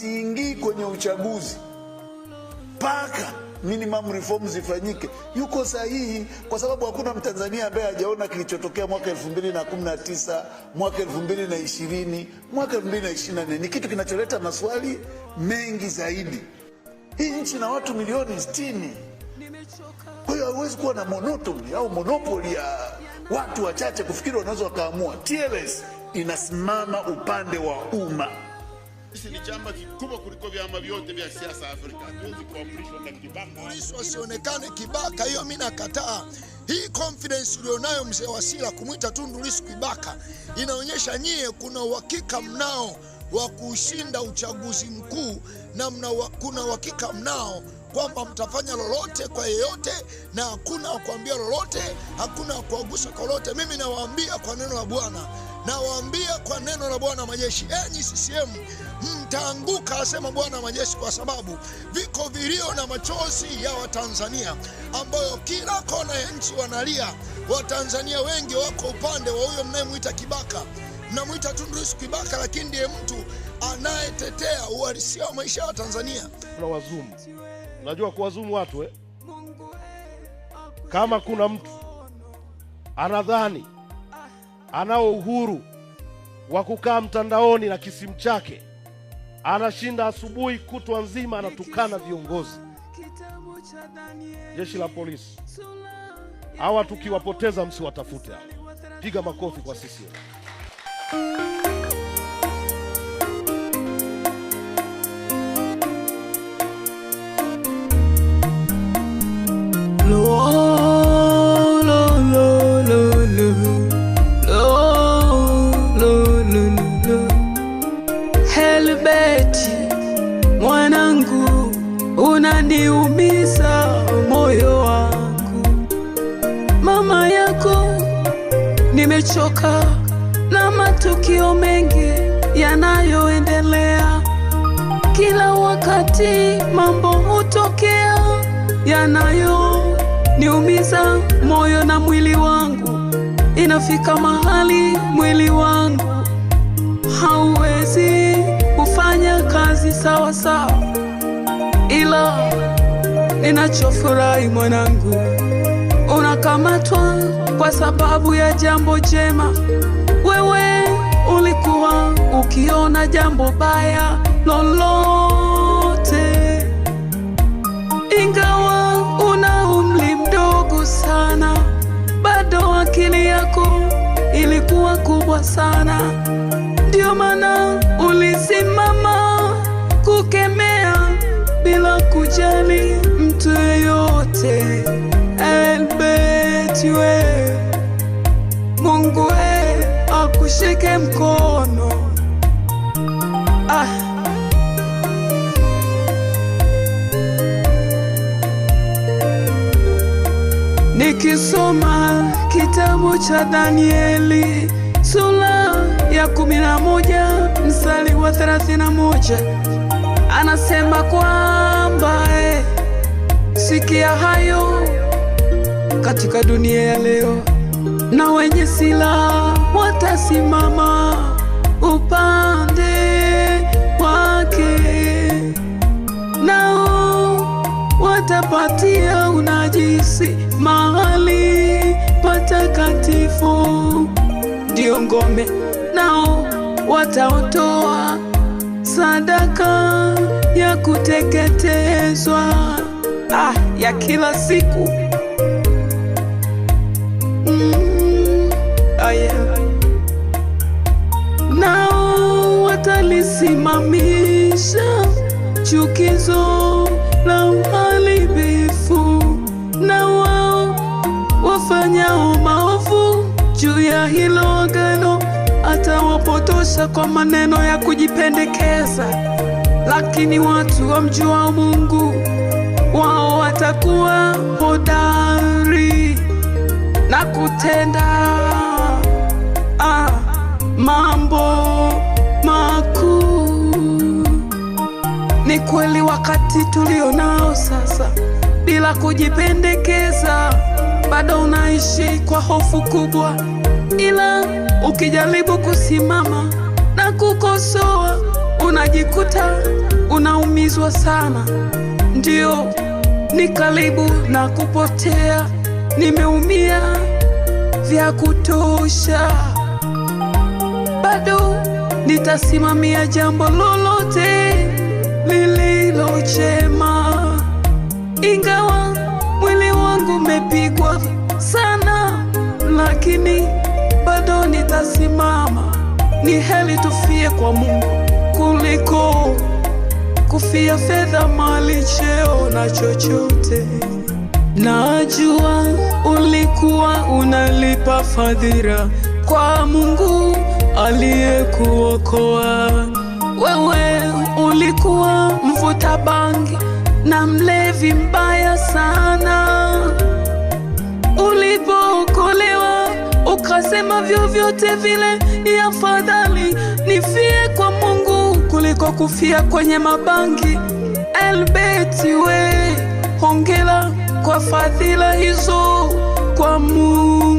siingii kwenye uchaguzi mpaka minimum reform zifanyike, yuko sahihi, kwa sababu hakuna Mtanzania ambaye hajaona kilichotokea mwaka 2019, mwaka 2020, mwaka 2024. Ni kitu kinacholeta maswali mengi zaidi. Hii nchi na watu milioni 60, kwa hiyo hauwezi kuwa na monotony au monopoli ya watu wachache kufikiri wanaweza wakaamua. TLS inasimama upande wa umma. Sisi ni chama kikubwa kuliko vyama vyote vya siasa Afrika. Hatuwezi kuamrishwa na kibaka. Polisi wasionekane kibaka, hiyo mimi nakataa. Hii confidence ulionayo mzee Wasira kumwita Tundu Lissu kibaka inaonyesha nyie kuna uhakika mnao wa kushinda uchaguzi mkuu na mna kuna uhakika mnao kwamba mtafanya lolote kwa yeyote, na hakuna wakuambia lolote, hakuna wakuagusha kwa lolote. Mimi nawaambia kwa neno la Bwana, nawaambia kwa neno la Bwana majeshi, enyi CCM mtaanguka, asema Bwana majeshi, kwa sababu viko vilio na machozi ya Watanzania ambayo kila kona ya nchi wanalia. Watanzania wengi wako upande wa huyo mnayemwita Kibaka, mnamwita Tundu Lissu Kibaka, lakini ndiye mtu anayetetea uhalisia wa maisha ya Tanzania. Kuna wazumu, unajua kuwazumu watu eh? Kama kuna mtu anadhani anao uhuru wa kukaa mtandaoni na kisimu chake, anashinda asubuhi kutwa nzima anatukana viongozi, jeshi la polisi. Hawa tukiwapoteza msiwatafute, Piga makofi kwa sisi. tumechoka na matukio mengi yanayoendelea kila wakati, mambo hutokea yanayoniumiza moyo na mwili wangu. Inafika mahali mwili wangu hauwezi kufanya kazi sawa sawa, ila ninachofurahi mwanangu unakamatwa kwa sababu ya jambo jema. Wewe ulikuwa ukiona jambo baya lolote, ingawa una umri mdogo sana, bado akili yako ilikuwa kubwa sana, ndio maana ulisimama kukemea bila kujali mtu yeyote. Yesu we, Mungu we akushike mkono ah. Nikisoma kitabu cha Danieli sura ya kumi na moja mstari wa thelathini na moja anasema kwamba eh, sikia hayo katika dunia ya leo, na wenye silaha watasimama upande wake, nao watapatia unajisi mahali patakatifu, ndio ngome, nao wataotoa sadaka ya kuteketezwa ah, ya kila siku. simamisha chukizo la uharibifu, na wao wafanyao maovu juu ya hilo agano atawapotosha kwa maneno ya kujipendekeza, lakini watu wamjuao Mungu wao watakuwa hodari na kutenda ah, mambo kweli wakati tulio nao sasa, bila kujipendekeza, bado unaishi kwa hofu kubwa, ila ukijaribu kusimama na kukosoa, unajikuta unaumizwa sana. Ndio, ni karibu na kupotea, nimeumia vya kutosha, bado nitasimamia jambo lolote lililo chema. ingawa mwili wangu umepigwa sana, lakini bado nitasimama. Ni heri tufie kwa Mungu kuliko kufia fedha, mali, cheo na chochote. Najua ulikuwa unalipa fadhila kwa Mungu aliyekuokoa wewe bangi na mlevi mbaya sana. Ulipookolewa ukasema vyovyote vile ni afadhali nifie kwa Mungu kuliko kufia kwenye mabangi. Elbeti we, hongela kwa fadhila hizo kwa Mungu.